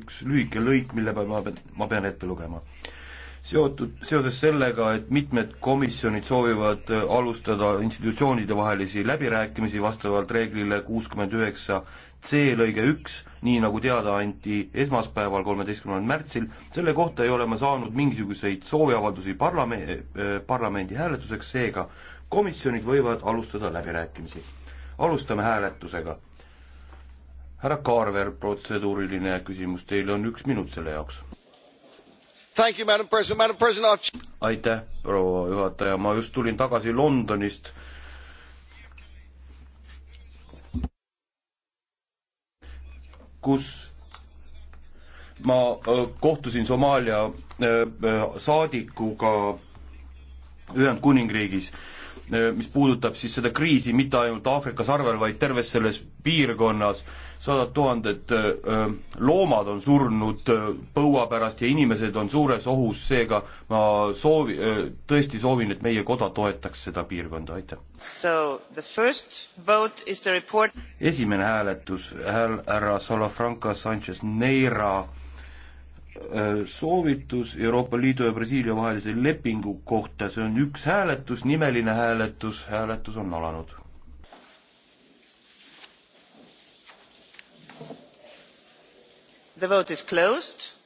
üks lühike lõik, mille ma pean, ma pean ette lugema. seotud, seoses sellega, et mitmed komisjonid soovivad äh, alustada institutsioonide vahelisi läbirääkimisi vastavalt reeglile kuuskümmend üheksa C lõige üks, nii nagu teada anti esmaspäeval, kolmeteistkümnendal märtsil, selle kohta ei ole ma saanud mingisuguseid sooviavaldusi parlame-, äh, parlamendi hääletuseks, seega komisjonid võivad alustada läbirääkimisi. alustame hääletusega härra Carver, protseduuriline küsimus, teil on üks minut selle jaoks. aitäh, proua juhataja, ma just tulin tagasi Londonist kus ma kohtusin Somaalia saadikuga Ühendkuningriigis Äh, mis puudutab siis seda kriisi mitte ainult Aafrika sarvel, vaid terves selles piirkonnas. sadad tuhanded äh, äh, loomad on surnud põua pärast ja inimesed on suures ohus, seega ma soovi, tõesti soovin, et meie koda toetaks seda piirkonda, aitäh. esimene hääletus, hääl härra Salafranca Sanchez Neira Äh, soovitus Euroopa Liidu ja Brasiilia vahelise lepingu kohta, see on üks hääletus, nimeline hääletus, hääletus on alanud. The vote is closed